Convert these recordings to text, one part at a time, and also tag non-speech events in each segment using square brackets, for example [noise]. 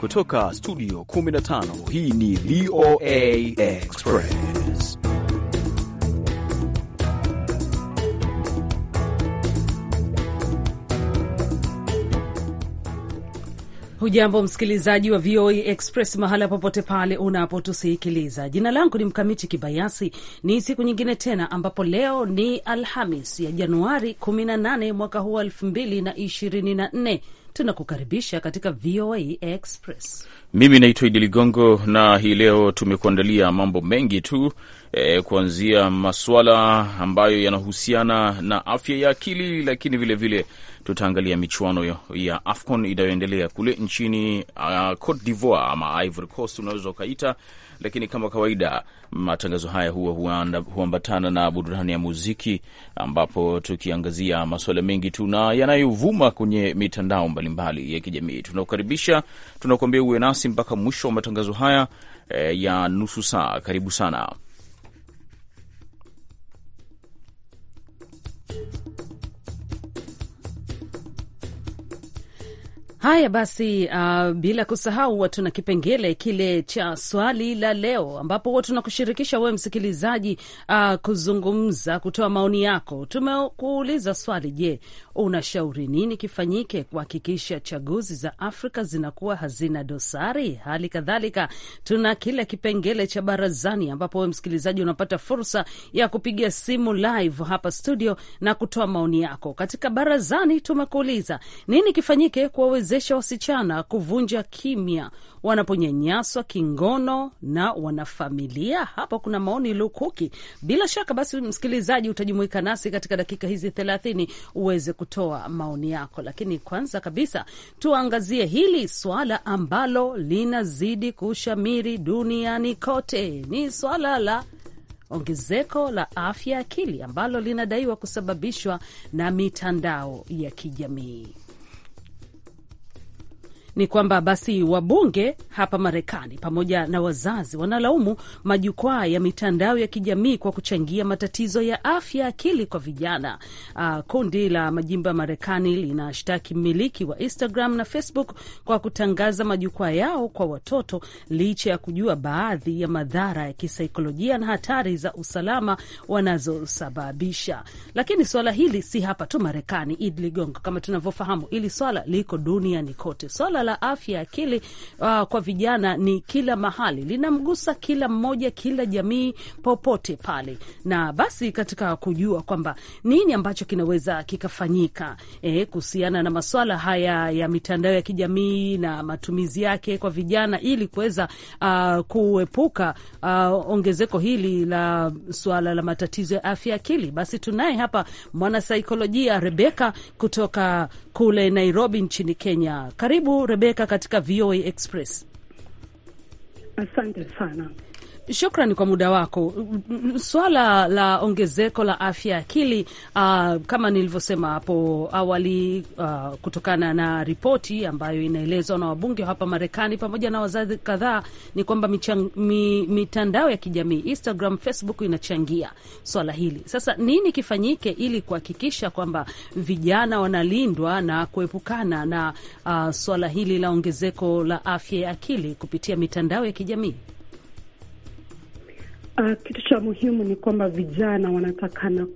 Kutoka studio 15 hii ni VOA Express. Hujambo msikilizaji wa VOA Express mahala popote pale unapotusikiliza. Jina langu ni Mkamiti Kibayasi. Ni siku nyingine tena ambapo leo ni Alhamis ya Januari 18 mwaka huu 2024 tunakukaribisha katika VOA Express. Mimi naitwa Idi Ligongo na hii leo tumekuandalia mambo mengi tu e, kuanzia maswala ambayo yanahusiana na afya ya akili, lakini vilevile tutaangalia michuano ya AFCON inayoendelea kule nchini uh, Cote d'Ivoire ama Ivory Coast unaweza ukaita lakini kama kawaida, matangazo haya huwa huambatana na burudani ya muziki, ambapo tukiangazia masuala mengi tu na yanayovuma kwenye mitandao mbalimbali ya kijamii. Tunakukaribisha, tunakuambia uwe nasi mpaka mwisho wa matangazo haya eh, ya nusu saa. Karibu sana. Haya basi, uh, bila kusahau huwa tuna kipengele kile cha swali la leo, ambapo huwa tunakushirikisha wewe msikilizaji, uh, kuzungumza, kutoa maoni yako. Tumekuuliza swali, je, Unashauri nini kifanyike kuhakikisha chaguzi za Afrika zinakuwa hazina dosari? Hali kadhalika tuna kile kipengele cha barazani, ambapo wewe msikilizaji unapata fursa ya kupiga simu live hapa studio na kutoa maoni yako. Katika barazani tumekuuliza nini kifanyike kuwawezesha wasichana kuvunja kimya wanaponyanyaswa kingono na wanafamilia. Hapo kuna maoni lukuki. Bila shaka basi, msikilizaji, utajumuika nasi katika dakika hizi thelathini uweze kutoa maoni yako, lakini kwanza kabisa tuangazie hili swala ambalo linazidi kushamiri duniani kote, ni swala la ongezeko la afya akili ambalo linadaiwa kusababishwa na mitandao ya kijamii ni kwamba basi wabunge hapa Marekani pamoja na wazazi wanalaumu majukwaa ya mitandao ya kijamii kwa kuchangia matatizo ya afya akili kwa vijana. Uh, kundi la majimbo ya Marekani linashtaki mmiliki wa Instagram na Facebook kwa kutangaza majukwaa yao kwa watoto licha ya kujua baadhi ya madhara ya kisaikolojia na hatari za usalama wanazosababisha. Lakini swala hili si hapa tu Marekani, id Ligongo, kama tunavyofahamu, ili swala liko duniani kote swala la afya ya akili uh, kwa vijana ni kila mahali, linamgusa kila mmoja, kila jamii, popote pale. Na basi katika kujua kwamba nini ambacho kinaweza kikafanyika eh, kuhusiana na maswala haya ya mitandao ya kijamii na matumizi yake kwa vijana ili kuweza uh, kuepuka uh, ongezeko hili la suala la matatizo ya afya ya akili, basi tunaye hapa mwanasaikolojia Rebeka kutoka kule Nairobi nchini Kenya. Karibu Rebeka katika VOA Express. Asante sana. Shukrani kwa muda wako. Swala la ongezeko la afya akili, uh, kama nilivyosema hapo awali, uh, kutokana na ripoti ambayo inaelezwa na wabunge hapa Marekani pamoja na wazazi kadhaa, ni kwamba mi, mitandao ya kijamii Instagram, Facebook inachangia swala hili. Sasa nini kifanyike ili kuhakikisha kwamba vijana wanalindwa na kuepukana na uh, swala hili la ongezeko la afya ya akili kupitia mitandao ya kijamii? Uh, kitu cha muhimu ni kwamba vijana wanatakana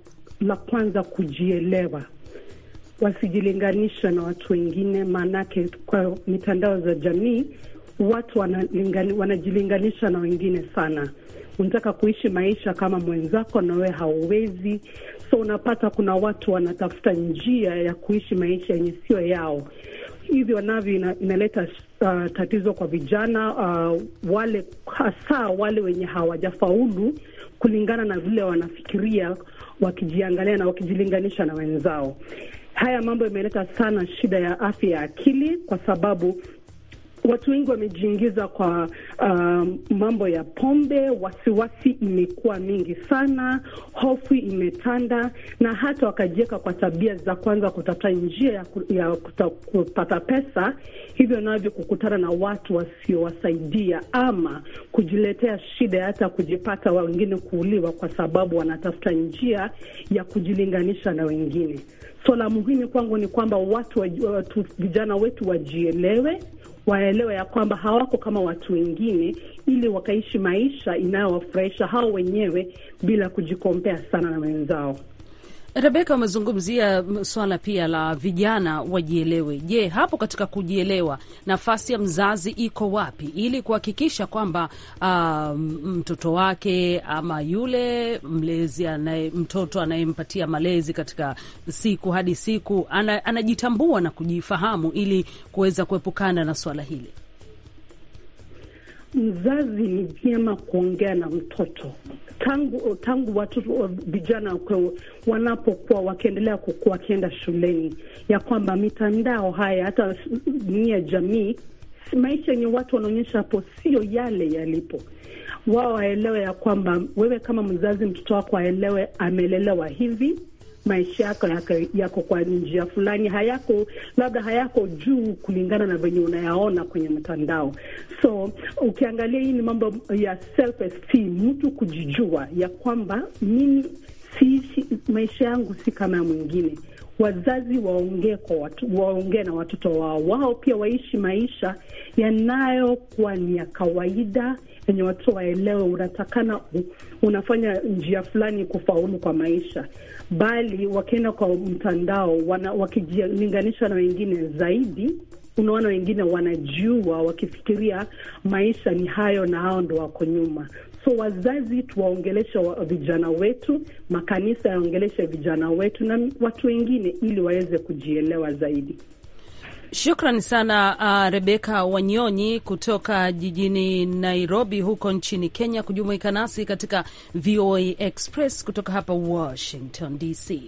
la kwanza kujielewa, wasijilinganisha na watu wengine, maanake kwa mitandao za jamii watu wanajilinganisha na wengine sana. Unataka kuishi maisha kama mwenzako na wewe hauwezi, so unapata kuna watu wanatafuta njia ya kuishi maisha yenye sio yao, hivyo navyo inaleta uh, tatizo kwa vijana uh, wale hasa wale wenye hawajafaulu kulingana na vile wanafikiria wakijiangalia na wakijilinganisha na wenzao. Haya mambo yameleta sana shida ya afya ya akili kwa sababu watu wengi wamejiingiza kwa uh, mambo ya pombe. Wasiwasi imekuwa mingi sana, hofu imetanda, na hata wakajiweka kwa tabia za kwanza kutafuta njia ya, ku, ya kuta, kupata pesa, hivyo navyo kukutana na watu wasiowasaidia ama kujiletea shida, hata kujipata wengine kuuliwa, kwa sababu wanatafuta njia ya kujilinganisha na wengine. So la muhimu kwangu ni kwamba watu, watu vijana wetu wajielewe waelewe ya kwamba hawako kama watu wengine, ili wakaishi maisha inayowafurahisha hao wenyewe bila kujikompea sana na wenzao. Rebeka, wamezungumzia swala pia la vijana wajielewe. Je, hapo katika kujielewa, nafasi ya mzazi iko wapi ili kuhakikisha kwamba uh, mtoto wake ama yule mlezi anaye mtoto anayempatia malezi katika siku hadi siku anajitambua na kujifahamu ili kuweza kuepukana na swala hili? mzazi ni vyema kuongea na mtoto tangu tangu watoto vijana wanapokuwa wakiendelea kukua, wakienda shuleni, ya kwamba mitandao haya hata nia jamii, maisha yenye watu wanaonyesha hapo sio yale yalipo. Wao waelewe ya kwamba wewe kama mzazi, mtoto wako aelewe amelelewa hivi maisha yako yako kwa njia fulani, hayako labda hayako juu kulingana na venye unayaona kwenye mtandao. So ukiangalia, hii ni mambo ya self esteem, mtu kujijua ya kwamba mimi siishi maisha yangu si kama ya mwingine. Wazazi waongee kwa watu, waongee na watoto wao, wao pia waishi maisha yanayokuwa ni ya kawaida penye watoto waelewe, unatakana unafanya njia fulani kufaulu kwa maisha, bali wakienda kwa mtandao wakijilinganisha na wengine zaidi unaona wengine wanajua, wakifikiria maisha ni hayo, na hao ndo wako nyuma. So wazazi tuwaongeleshe wa vijana wetu, makanisa yaongeleshe vijana wetu na watu wengine, ili waweze kujielewa zaidi. Shukran sana uh, Rebeka Wanyonyi kutoka jijini Nairobi huko nchini Kenya kujumuika nasi katika VOA Express kutoka hapa Washington DC.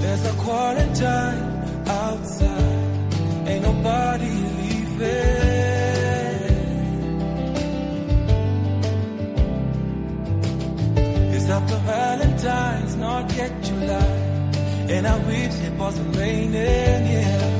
There's a quarantine. baby. It's after Valentine's, not yet July, and I wish it wasn't raining. Yeah.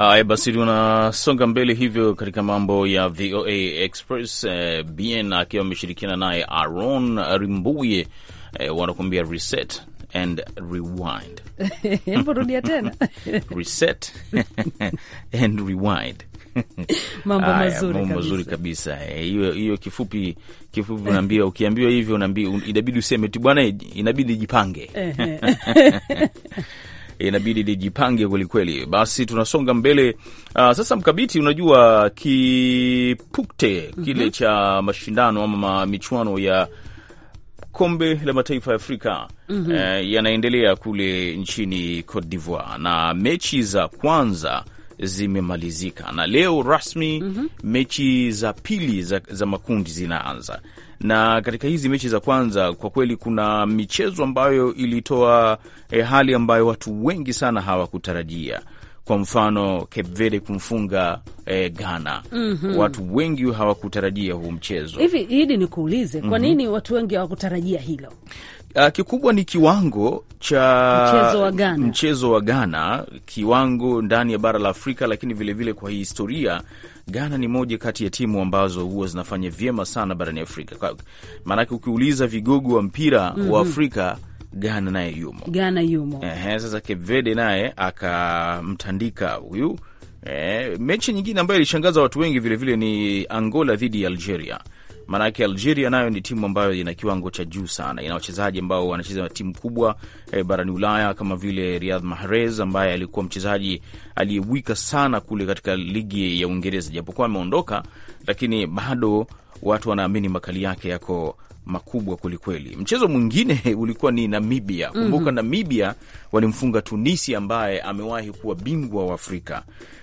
Haya basi, tunasonga mbele hivyo katika mambo ya VOA Express. Eh, BN akiwa ameshirikiana naye Aron Rimbuye eh, wanakuambia reset and rewind. [laughs] Hebu rudia tena [laughs] reset [laughs] and rewind. Mambo mazuri, mambo mazuri kabisa eh, hiyo. hiyo. kifupi kifupi, unaambia ukiambiwa hivyo, unaambia inabidi useme tu bwana, inabidi jipange inabidi lijipange kwelikweli. Basi tunasonga mbele. Uh, sasa Mkabiti, unajua kipukte mhm. kile mm -hmm. cha mashindano ama michuano ya kombe la mataifa ya Afrika mm -hmm. eh, yanaendelea kule nchini Cote d'Ivoire na mechi za kwanza zimemalizika na leo rasmi mm -hmm. mechi za pili za, za makundi zinaanza na katika hizi mechi za kwanza kwa kweli kuna michezo ambayo ilitoa eh, hali ambayo watu wengi sana hawakutarajia kwa mfano Cape Verde kumfunga eh, Ghana. mm -hmm. Watu wengi hawakutarajia huu mchezo hivi. Hili nikuulize, kwa mhm. nini mm -hmm. watu wengi hawakutarajia hilo? Uh, kikubwa ni kiwango cha mchezo wa Ghana, mchezo wa Ghana, kiwango ndani ya bara la Afrika, lakini vilevile vile kwa historia Ghana ni moja kati ya timu ambazo huwa zinafanya vyema sana barani Afrika, maanake ukiuliza vigogo wa mpira mm -hmm. wa mhm. Afrika Ghana naye yumo, Ghana yumo. Ehe, sasa Kevede naye akamtandika huyu. E, mechi nyingine ambayo ilishangaza watu wengi vilevile vile ni Angola dhidi ya Algeria maanake Algeria nayo ni timu ambayo ina kiwango cha juu sana, ina wachezaji ambao wanacheza timu kubwa eh, barani Ulaya kama vile Riyad Mahrez ambaye alikuwa mchezaji aliyewika sana kule katika ligi ya Uingereza, japokuwa ameondoka, lakini bado watu wanaamini makali yake yako makubwa kwelikweli. Mchezo mwingine [laughs] ulikuwa ni Namibia. Mhm. Kumbuka, mm -hmm. Namibia walimfunga Tunisia ambaye amewahi kuwa bingwa wa Afrika,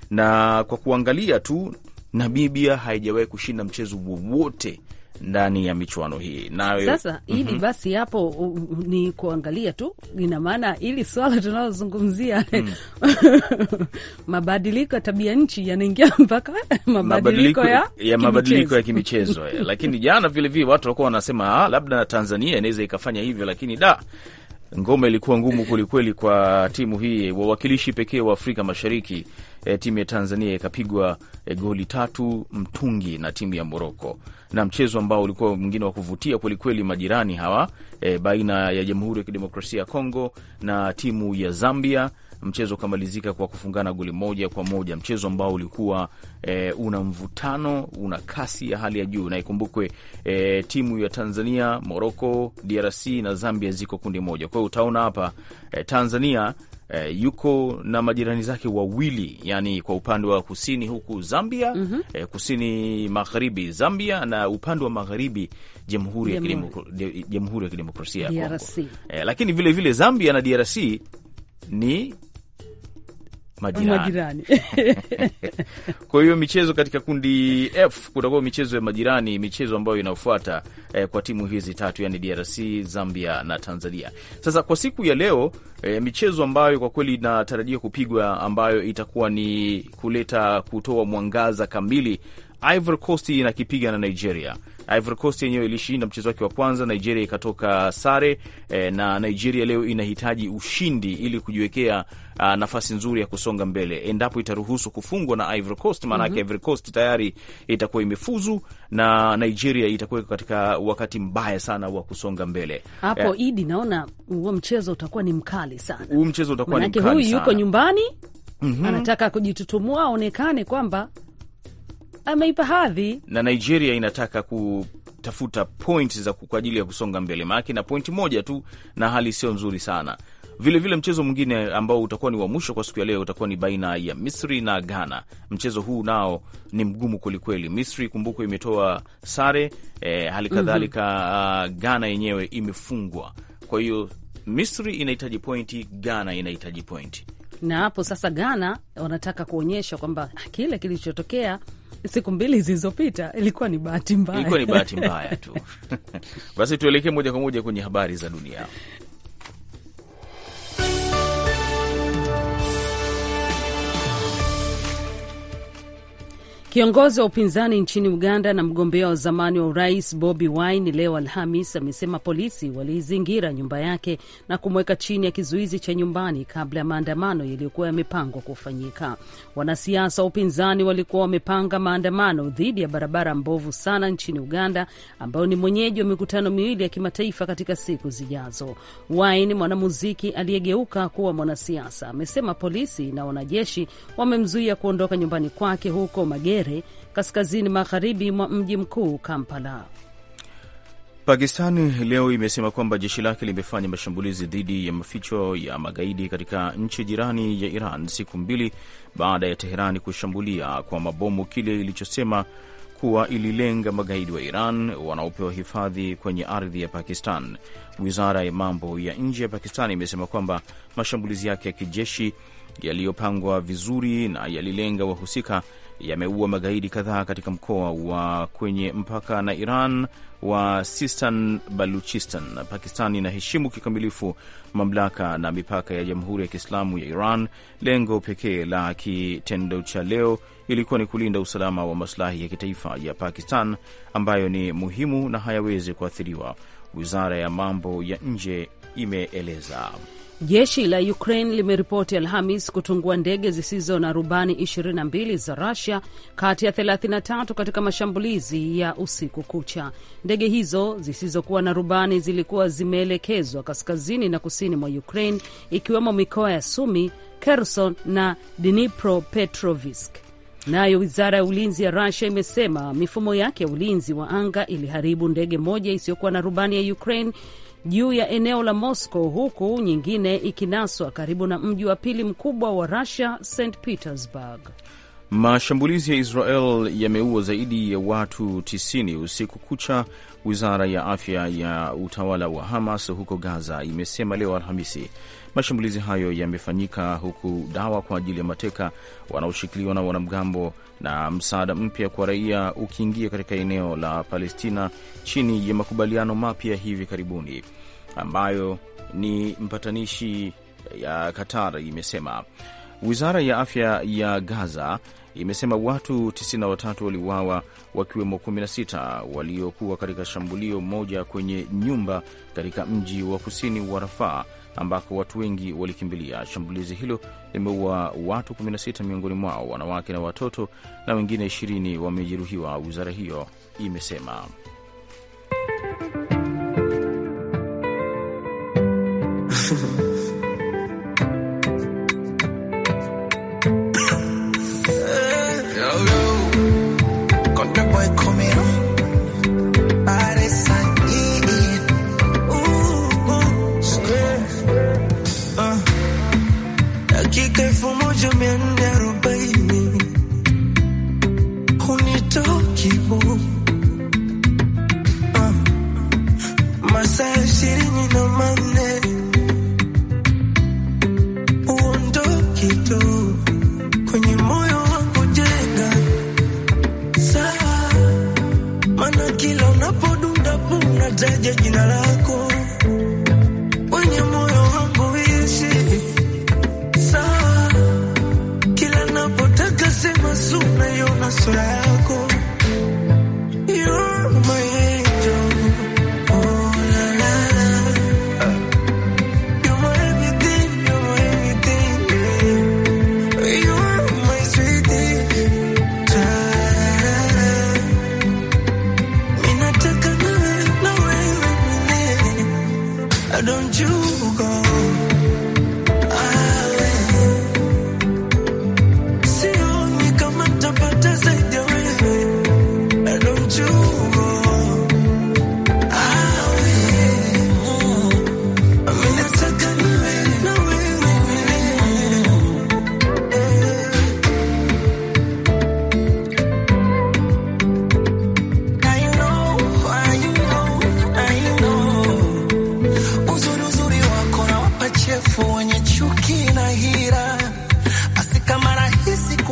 na kwa kuangalia tu Namibia haijawahi kushinda mchezo wowote ndani ya michuano hii nayo sasa mm -hmm. Ili basi hapo ni kuangalia tu, ina maana ili swala tunalozungumzia mm. [laughs] mabadiliko ya tabia nchi yanaingia [laughs] mpaka mabadiliko ya, ya mabadiliko ya kimichezo. [laughs] Lakini jana vilevile watu walikuwa wanasema ah, labda Tanzania inaweza ikafanya hivyo, lakini da Ngoma ilikuwa ngumu kwelikweli kwa timu hii, wawakilishi pekee wa Afrika Mashariki. E, timu ya Tanzania ikapigwa e, goli tatu mtungi na timu ya Moroko, na mchezo ambao ulikuwa mwingine wa kuvutia kwelikweli, majirani hawa e, baina ya Jamhuri ya Kidemokrasia ya Kongo na timu ya Zambia mchezo ukamalizika kwa kufungana goli moja kwa moja, mchezo ambao ulikuwa e, una mvutano, una kasi ya hali ya juu. Na ikumbukwe e, timu ya Tanzania, Moroko, DRC na Zambia ziko kundi moja. Kwa hiyo utaona hapa e, Tanzania E, yuko na majirani zake wawili yani kwa upande wa kusini huku Zambia, mm -hmm. E, kusini magharibi Zambia na upande wa magharibi Jamhuri ya Kidemokrasia ya Kongo. E, lakini vilevile vile Zambia na DRC ni majirani, majirani. [laughs] Kwa hiyo michezo katika kundi F kutakuwa michezo ya majirani, michezo ambayo inafuata eh, kwa timu hizi tatu, yani DRC, Zambia na Tanzania. Sasa kwa siku ya leo eh, michezo ambayo kwa kweli inatarajia kupigwa ambayo itakuwa ni kuleta kutoa mwangaza kamili, Ivory Coast na Nigeria Ivory Coast yenyewe ilishinda mchezo wake wa kwanza, Nigeria ikatoka sare e, na Nigeria leo inahitaji ushindi ili kujiwekea uh, nafasi nzuri ya kusonga mbele, endapo itaruhusu kufungwa na Ivory Coast, maanake mm -hmm. Ivory Coast tayari itakuwa imefuzu na Nigeria itakuwa katika wakati mbaya sana wa kusonga mbele hapo. Yeah. Idi, naona huo mchezo utakuwa ni mkali sana, huu mchezo utakuwa ni mkali sana, huyu yuko nyumbani mm -hmm. anataka kujitutumua aonekane kwamba ameipa hadhi, na Nigeria inataka kutafuta point za kwa ajili ya kusonga mbele, make na pointi moja tu, na hali sio nzuri sana. Vilevile vile mchezo mwingine ambao utakuwa ni wa mwisho kwa siku ya leo utakuwa ni baina ya Misri na Ghana. Mchezo huu nao ni mgumu kwelikweli. Misri kumbuko imetoa sare e, hali mhm. kadhalika mm -hmm. Ghana yenyewe imefungwa, kwa hiyo Misri inahitaji pointi, Ghana inahitaji pointi na hapo sasa Ghana wanataka kuonyesha kwamba kile kilichotokea siku mbili zilizopita ilikuwa ni bahati mbaya, ilikuwa ni bahati mbaya [laughs] tu. [laughs] Basi tuelekee moja kwa moja kwenye habari za dunia. Kiongozi wa upinzani nchini Uganda na mgombea wa zamani wa urais Bobi Wine leo Alhamis amesema polisi waliizingira nyumba yake na kumweka chini ya kizuizi cha nyumbani kabla ya maandamano yaliyokuwa yamepangwa kufanyika. Wanasiasa wa upinzani walikuwa wamepanga maandamano dhidi ya barabara mbovu sana nchini Uganda, ambayo ni mwenyeji wa mikutano miwili ya kimataifa katika siku zijazo. Wine, mwanamuziki aliyegeuka kuwa mwanasiasa, amesema polisi na wanajeshi wamemzuia kuondoka nyumbani kwake huko Magere Tigray kaskazini magharibi mwa mji mkuu Kampala. Pakistani leo imesema kwamba jeshi lake limefanya mashambulizi dhidi ya maficho ya magaidi katika nchi jirani ya Iran siku mbili baada ya Teherani kushambulia kwa mabomu kile ilichosema kuwa ililenga magaidi wa Iran wanaopewa hifadhi kwenye ardhi ya Pakistan. Wizara ya mambo ya nje ya Pakistan imesema kwamba mashambulizi yake ya kijeshi yaliyopangwa vizuri na yalilenga wahusika yameua magaidi kadhaa katika mkoa wa kwenye mpaka na Iran wa Sistan Baluchistan. Pakistan inaheshimu kikamilifu mamlaka na mipaka ya Jamhuri ya Kiislamu ya Iran. Lengo pekee la kitendo cha leo ilikuwa ni kulinda usalama wa masilahi ya kitaifa ya Pakistan ambayo ni muhimu na hayawezi kuathiriwa, wizara ya mambo ya nje imeeleza. Jeshi la Ukraine limeripoti Alhamis kutungua ndege zisizo na rubani 22 za Rusia kati ya 33 katika mashambulizi ya usiku kucha. Ndege hizo zisizokuwa na rubani zilikuwa zimeelekezwa kaskazini na kusini mwa Ukraine, ikiwemo mikoa ya Sumi, Kherson na Petrovisk. Nayo wizara ya ulinzi ya Rusia imesema mifumo yake ya ulinzi wa anga iliharibu ndege moja isiyokuwa na rubani ya Ukraine juu ya eneo la Moscow, huku nyingine ikinaswa karibu na mji wa pili mkubwa wa Russia, St Petersburg. Mashambulizi ya Israel yameua zaidi ya watu 90 usiku kucha, wizara ya afya ya utawala wa Hamas huko Gaza imesema leo Alhamisi. Mashambulizi hayo yamefanyika huku dawa kwa ajili ya mateka wanaoshikiliwa na wanamgambo na msaada mpya kwa raia ukiingia katika eneo la Palestina chini ya makubaliano mapya hivi karibuni ambayo ni mpatanishi ya Qatar imesema. Wizara ya afya ya Gaza imesema watu 93 waliuawa wakiwemo 16 waliokuwa katika shambulio moja kwenye nyumba katika mji wa kusini wa Rafaa ambako watu wengi walikimbilia. Shambulizi hilo limeua watu 16 miongoni mwao wanawake na watoto, na wengine 20 wamejeruhiwa, wizara hiyo imesema. [laughs]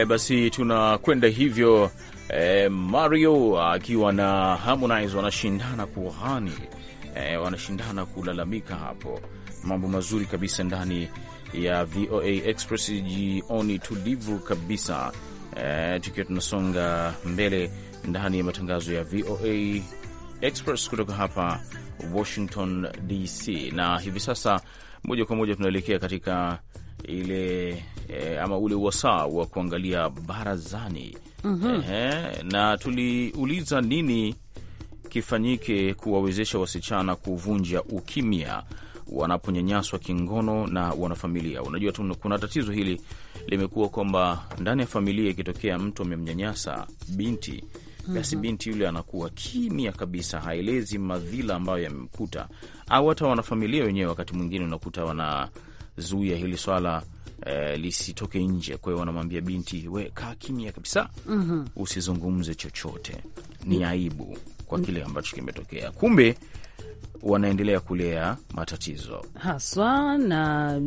Haya basi, tunakwenda hivyo eh, Mario akiwa na Harmonize wanashindana kuhani eh, wanashindana kulalamika hapo. Mambo mazuri kabisa ndani ya VOA Express, jioni tulivu kabisa eh, tukiwa tunasonga mbele ndani ya matangazo ya VOA Express kutoka hapa Washington DC, na hivi sasa moja kwa moja tunaelekea katika ile eh, ama ule wasaa wa kuangalia barazani mm -hmm. Ehe, na tuliuliza nini kifanyike kuwawezesha wasichana kuvunja ukimya wanaponyanyaswa kingono na wanafamilia. Unajua tu, kuna tatizo hili limekuwa kwamba ndani ya familia ikitokea mtu amemnyanyasa binti mhm. basi mm -hmm. binti yule anakuwa kimya kabisa, haelezi madhila ambayo yamemkuta, au hata wanafamilia wenyewe wakati mwingine unakuta wana kuzuia hili swala e, lisitoke nje. Kwa hiyo wanamwambia binti, we kaa kimya kabisa, mm -hmm. usizungumze chochote, ni aibu kwa kile ambacho kimetokea. Kumbe wanaendelea kulea matatizo haswa, na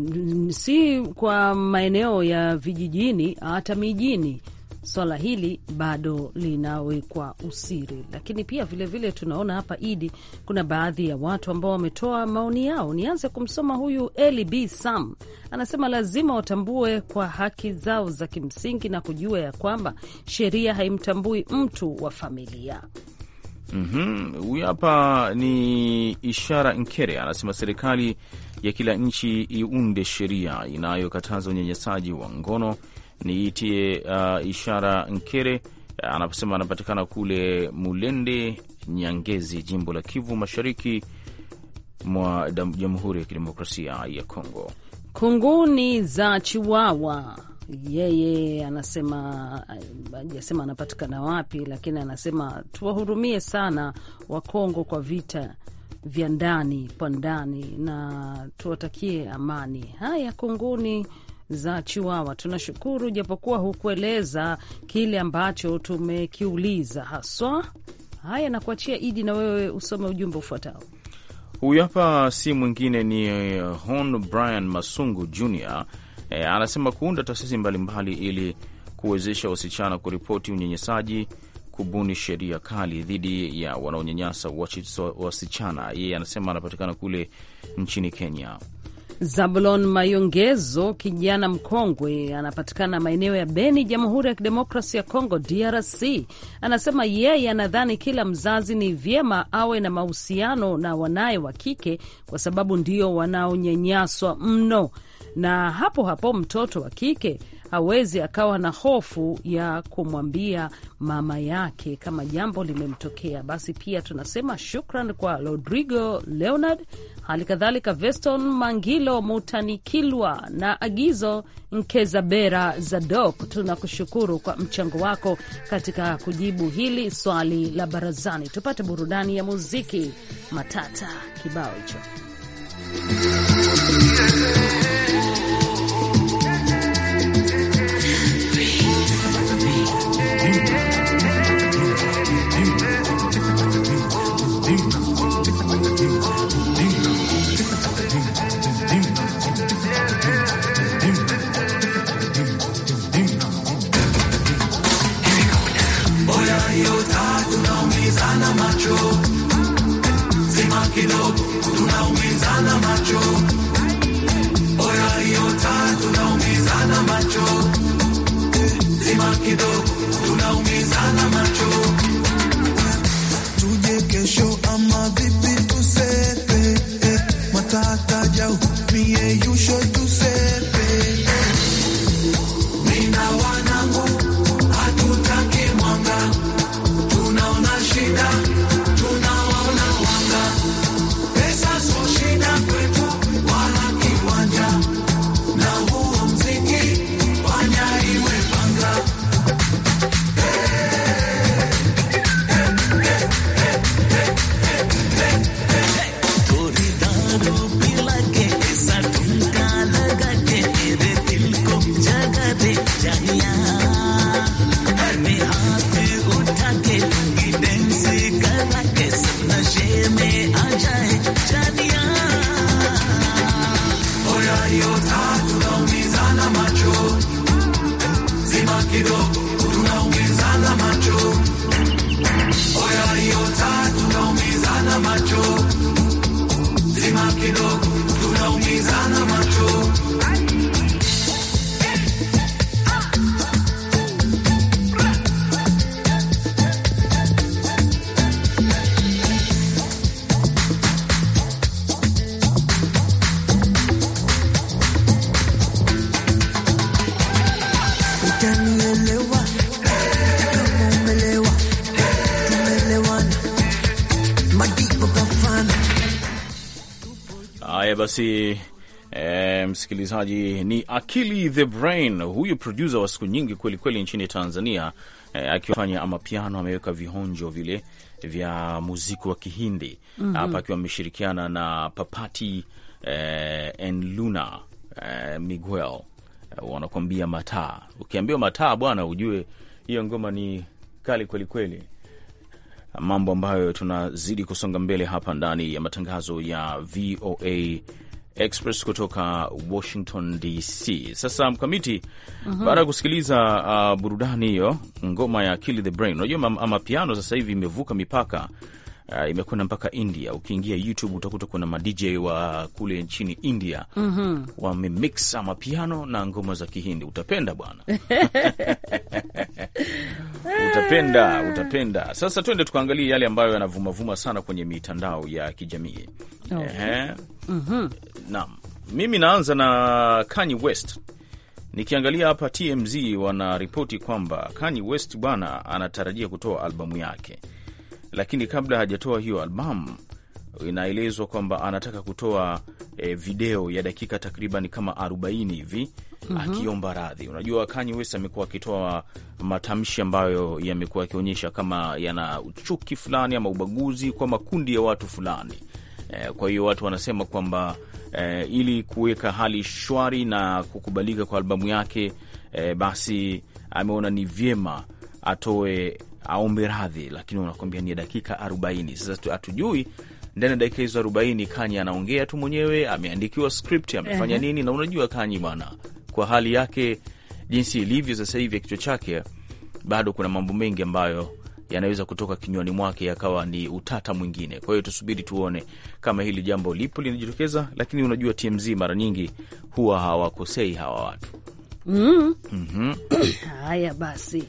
si kwa maeneo ya vijijini, hata mijini swala hili bado linawekwa usiri. Lakini pia vilevile vile tunaona hapa Idi, kuna baadhi ya watu ambao wametoa maoni yao. Nianze kumsoma huyu Eli B Sam, anasema lazima watambue kwa haki zao za kimsingi na kujua ya kwamba sheria haimtambui mtu wa familia. Mhm. Huyu hapa ni Ishara Nkere anasema serikali ya kila nchi iunde sheria inayokataza unyanyasaji wa ngono niitie uh, Ishara Nkere uh, anaposema anapatikana kule Mulende Nyangezi, jimbo la Kivu Mashariki mwa Jamhuri ya Kidemokrasia ya Kongo. Kunguni za Chiwawa, yeye anasema uh, ajasema anapatikana wapi, lakini anasema tuwahurumie sana Wakongo kwa vita vya ndani kwa ndani na tuwatakie amani. Haya, Kunguni za Chiwawa. Tunashukuru japokuwa hukueleza kile ambacho tumekiuliza haswa. Haya, nakuachia Idi na wewe usome ujumbe ufuatao. Huyu hapa si mwingine ni eh, Hon Brian Masungu Jr. E, eh, anasema kuunda taasisi mbalimbali ili kuwezesha wasichana kuripoti unyanyasaji, kubuni sheria kali dhidi ya wanaonyanyasa wasichana. Yeye anasema anapatikana kule nchini Kenya. Zabulon Mayongezo, kijana mkongwe, anapatikana maeneo ya Beni, Jamhuri ya Kidemokrasi ya Kongo, DRC. Anasema yeye anadhani kila mzazi ni vyema awe na mahusiano na wanaye wa kike, kwa sababu ndio wanaonyanyaswa mno na hapo hapo mtoto wa kike hawezi akawa na hofu ya kumwambia mama yake kama jambo limemtokea. Basi pia tunasema shukran kwa Rodrigo Leonard, hali kadhalika Veston Mangilo Mutanikilwa na Agizo Nkezabera Zadok. Tunakushukuru kwa mchango wako katika kujibu hili swali la barazani. Tupate burudani ya muziki matata kibao hicho y basi E, msikilizaji ni Akili the Brain, huyu produsa wa siku nyingi kweli kweli nchini Tanzania e, eh, akifanya amapiano ameweka vihonjo vile vya muziki wa Kihindi mm hapa -hmm. akiwa ameshirikiana na Papati e, and Luna e, Miguel e, wanakuambia mataa. Ukiambiwa mataa bwana, ujue hiyo ngoma ni kali kweli kweli, mambo ambayo tunazidi kusonga mbele hapa ndani ya matangazo ya VOA Express kutoka Washington DC. Sasa mkamiti, uh -huh. baada ya kusikiliza uh, burudani hiyo, ngoma ya Kill the Brain, unajua amapiano sasa hivi imevuka mipaka uh, imekwenda mpaka India. Ukiingia YouTube utakuta kuna madj wa kule nchini India mm -hmm. wamemixa mapiano na ngoma za Kihindi. Utapenda bwana [laughs] utapenda, utapenda. Sasa tuende tukaangalie yale ambayo yanavumavuma sana kwenye mitandao ya kijamii okay. mm -hmm. Naam, mimi naanza na Kanye West. Nikiangalia hapa TMZ wanaripoti kwamba Kanye West bwana anatarajia kutoa albamu yake lakini kabla hajatoa hiyo albamu inaelezwa kwamba anataka kutoa e, video ya dakika takriban kama 40 hivi mm -hmm. akiomba radhi. Unajua, Kanye West amekuwa akitoa matamshi ambayo yamekuwa yakionyesha kama yana chuki fulani ama ubaguzi kwa makundi ya watu fulani e, kwa hiyo watu wanasema kwamba e, ili kuweka hali shwari na kukubalika kwa albamu yake e, basi ameona ni vyema atoe aombe radhi, lakini unakwambia ni dakika arobaini. Sasa hatujui ndani ya dakika hizo arobaini Kanye anaongea tu mwenyewe, ameandikiwa script, amefanya nini? Na unajua Kanye bwana, kwa hali yake jinsi ilivyo sasa hivi ya kichwa chake, bado kuna mambo mengi ambayo yanaweza kutoka kinywani mwake yakawa ni utata mwingine. Kwa hiyo tusubiri tuone kama hili jambo lipo linajitokeza, lakini unajua TMZ mara nyingi huwa hawakosei hawa watu. mm mm -hmm. [coughs] Haya basi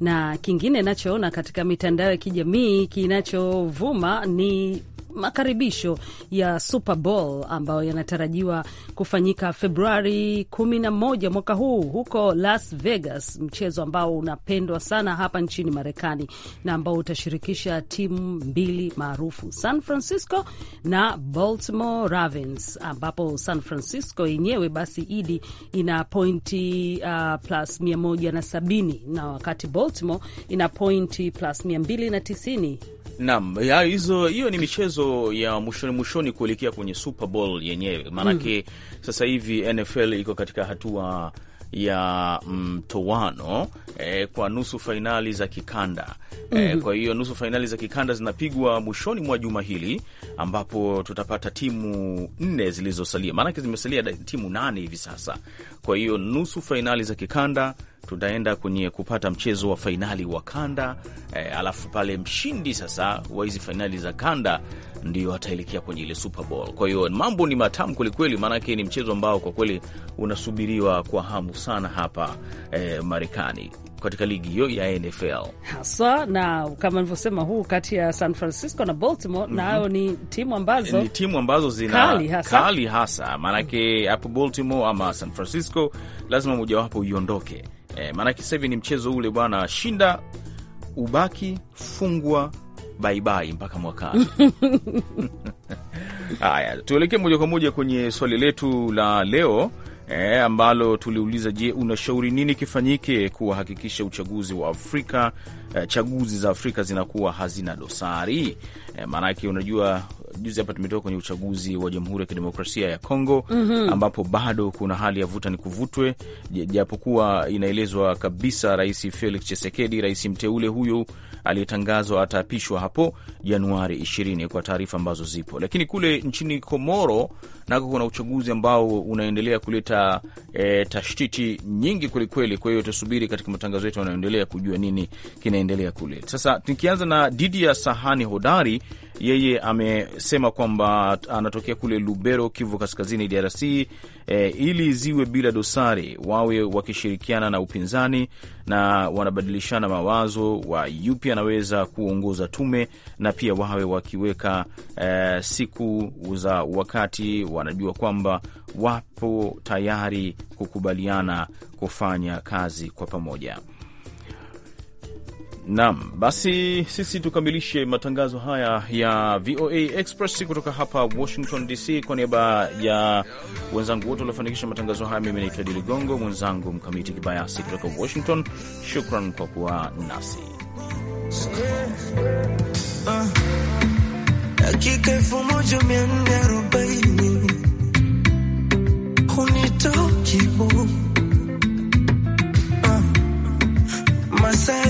na kingine nachoona katika mitandao ya kijamii kinachovuma ni makaribisho ya Super Bowl ambayo yanatarajiwa kufanyika Februari 11 mwaka huu huko Las Vegas, mchezo ambao unapendwa sana hapa nchini Marekani na ambao utashirikisha timu mbili maarufu, San Francisco na Baltimore Ravens, ambapo San Francisco yenyewe basi idi ina pointi uh, plus 170 na, na wakati Baltimore ina pointi plus 290 Naam, hizo hiyo ni michezo ya mwishoni mwishoni kuelekea kwenye Super Bowl yenyewe, maanake mm. Sasa hivi NFL iko katika hatua ya mtowano eh, kwa nusu fainali za kikanda eh, mm -hmm. Kwa hiyo nusu fainali za kikanda zinapigwa mwishoni mwa juma hili ambapo tutapata timu nne zilizosalia, maanake zimesalia timu nane hivi sasa. Kwa hiyo nusu fainali za kikanda tutaenda kwenye kupata mchezo wa fainali wa kanda e, alafu pale mshindi sasa wa hizi fainali za kanda ndio ataelekea kwenye ile Super Bowl. Kwa hiyo mambo ni matamu kwelikweli, maanake ni mchezo ambao kwa kweli unasubiriwa kwa hamu sana hapa e, Marekani katika ligi hiyo ya NFL haswa, na kama nilivyosema, huu kati ya San Francisco na Baltimore mm -hmm. nayo ni timu ambazo ni timu ambazo zina kali hasa, kali hasa maanake hapo Baltimore ama San Francisco lazima mojawapo iondoke e, maanake sasa hivi ni mchezo ule bwana, shinda ubaki, fungwa, baibai mpaka mwakani. [laughs] Haya, tuelekee moja kwa moja kwenye swali letu la leo e, ambalo tuliuliza: Je, unashauri nini kifanyike kuwahakikisha uchaguzi wa Afrika Eh, chaguzi za Afrika zinakuwa hazina dosari E, maanake unajua juzi hapa tumetoka kwenye uchaguzi wa Jamhuri ya Kidemokrasia ya Kongo mm -hmm. ambapo bado kuna hali ya vuta ni kuvutwe, japokuwa inaelezwa kabisa Rais Felix Tshisekedi, rais mteule huyu aliyetangazwa ataapishwa hapo Januari 20 kwa taarifa ambazo zipo. Lakini kule nchini Komoro nako kuna uchaguzi ambao unaendelea kuleta e, tashtiti nyingi kwelikweli. Kwa hiyo tusubiri katika matangazo yetu yanayoendelea kujua nini kina yanaendelea kule. Sasa tukianza na Didi ya Sahani Hodari, yeye amesema kwamba anatokea kule Lubero, Kivu Kaskazini, DRC. E, ili ziwe bila dosari, wawe wakishirikiana na upinzani na wanabadilishana mawazo, wa yupi anaweza kuongoza tume, na pia wawe wakiweka e, siku za wakati, wanajua kwamba wapo tayari kukubaliana kufanya kazi kwa pamoja. Naam, basi sisi tukamilishe matangazo haya ya VOA Express kutoka hapa Washington DC. Kwa niaba ya wenzangu wote waliofanikisha matangazo haya, mimi naitwa Idi Ligongo, mwenzangu Mkamiti Kibayasi kutoka Washington. Shukran kwa kuwa nasi dakika elfu moja mia nne arobaini hunitoki ah, masaa